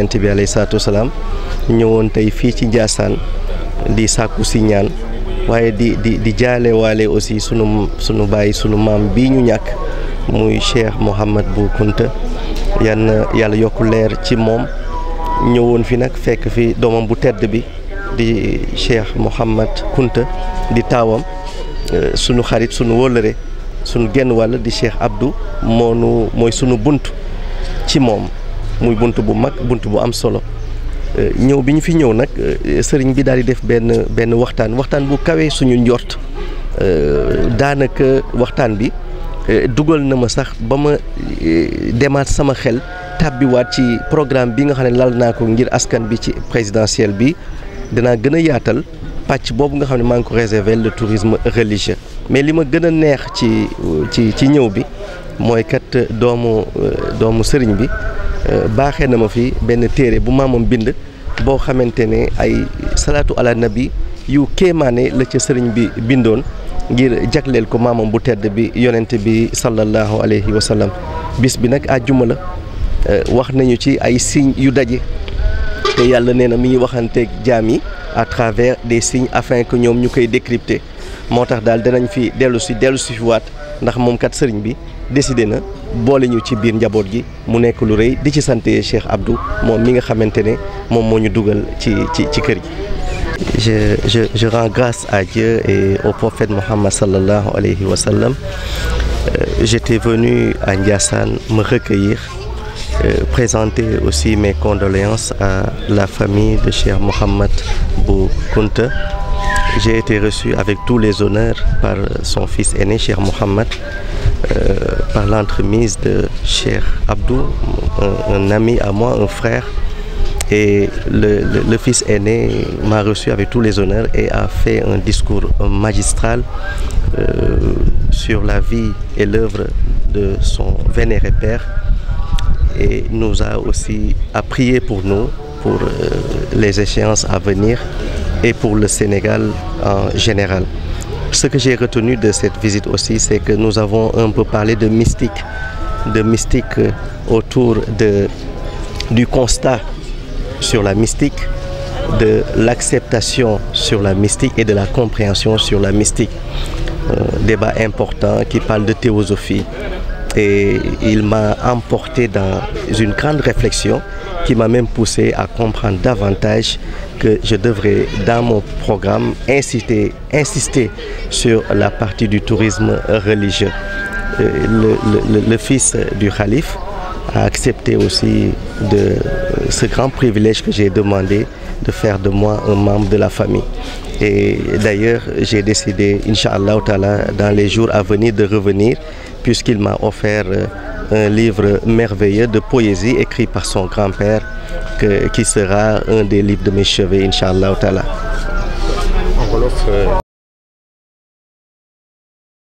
yonent bi alayhi salaatu wasalaam ñëwoon tey fii ci Ndiassane di sàkku si waaye di di di jaale waale aussi sunu sunu bàyyi sunu maam bii ñu ñàkk muy Cheikh Mouhamad Bou Kounta yan yàlla yokk leer ci moom ñëwoon fi nag fekk fi doomam bu tedd bi di Cheikh Mouhamad Kounta di taawam euh, sunu xarit sunu wóllëre sunu genn wàll di Cheikh Abdou moonu mooy sunu bunt ci moom muy bunt bu mag bunt bu am solo euh, ñëw bi ñu fi ñëw nag euh, sëriñ bi daal di def benn benn waxtaan waxtaan bu kawee suñu njort euh, daanaka waxtaan bi dugal na ma sax ba ma demaat sama xel tàbbiwaat ci programme bi nga xam ne lal naa ko ngir askan bi ci présidentielle bi danaa gën a yaatal pàcc boobu nga xam ne maa ngi ko réserver le tourisme religieux mais li ma gën a neex ci ci ci ñëw bi mooy kat doomu doomu sëriñ bi Euh, baaxee na ma fi benn téere bu maamam bind boo xamante ne ay salaatu ala nabi yu kéemaane la ca sëriñ bi bindoon ngir jagleel ko maamam bu tedd bi yonent bi sallallahu alayhi wa sallam bis bi nag àjjuma la euh, wax nañu ci ay signes yu daje te yàlla nee na mi ngi waxanteeg jaam yi à travers des signes afin que ñoom ñu koy décrypter moo tax daal dinañ fi dellu si dellu si waat ndax moom kat sëriñ bi décidé na boole ñu ci biir njaboot gi mu nekk lu rëy di ci sant Cheikh Abdou moom mi nga xamante ne moom moo ñu dugal ci ci ci kër gi. Je, rends grâce à Dieu et au prophète Mohammed sallallahu alayhi wa sallam. Euh, J'étais venu à Ndiassan me recueillir, euh, présenter aussi mes condoléances à la famille de Cheikh Mohammed Boukounte. J'ai été reçu avec tous les honneurs par son fils aîné, Cheikh Mohammed. Euh, par l'entremise de Cheikh Abdou, un, un, ami à moi, un frère. Et le, le, le fils aîné m'a reçu avec tous les honneurs et a fait un discours magistral euh, sur la vie et l'œuvre de son vénéré père. Et nous a aussi à prier pour nous, pour euh, les échéances à venir et pour le Sénégal en général. Ce que j'ai retenu de cette visite aussi, c'est que nous avons un peu parlé de mystique, de mystique euh, autour de, du constat sur la mystique, de l'acceptation sur la mystique et de la compréhension sur la mystique. Euh, débat important qui parle de théosophie. Et il m'a emporté dans une grande réflexion qui m'a même poussé à comprendre davantage que je devrais, dans mon programme, inciter, insister sur la partie du tourisme religieux. Euh, le, le, le fils du calife a accepté aussi de euh, ce grand privilège que j'ai demandé de faire de moi un membre de la famille. Et d'ailleurs, j'ai décidé, Inch'Allah, dans les jours à venir, de revenir puisqu'il m'a offert euh, un livre merveilleux de poésie écrit par son grand-père qui sera un des livres de mes cheveux, Inch'Allah. En Wolof, euh,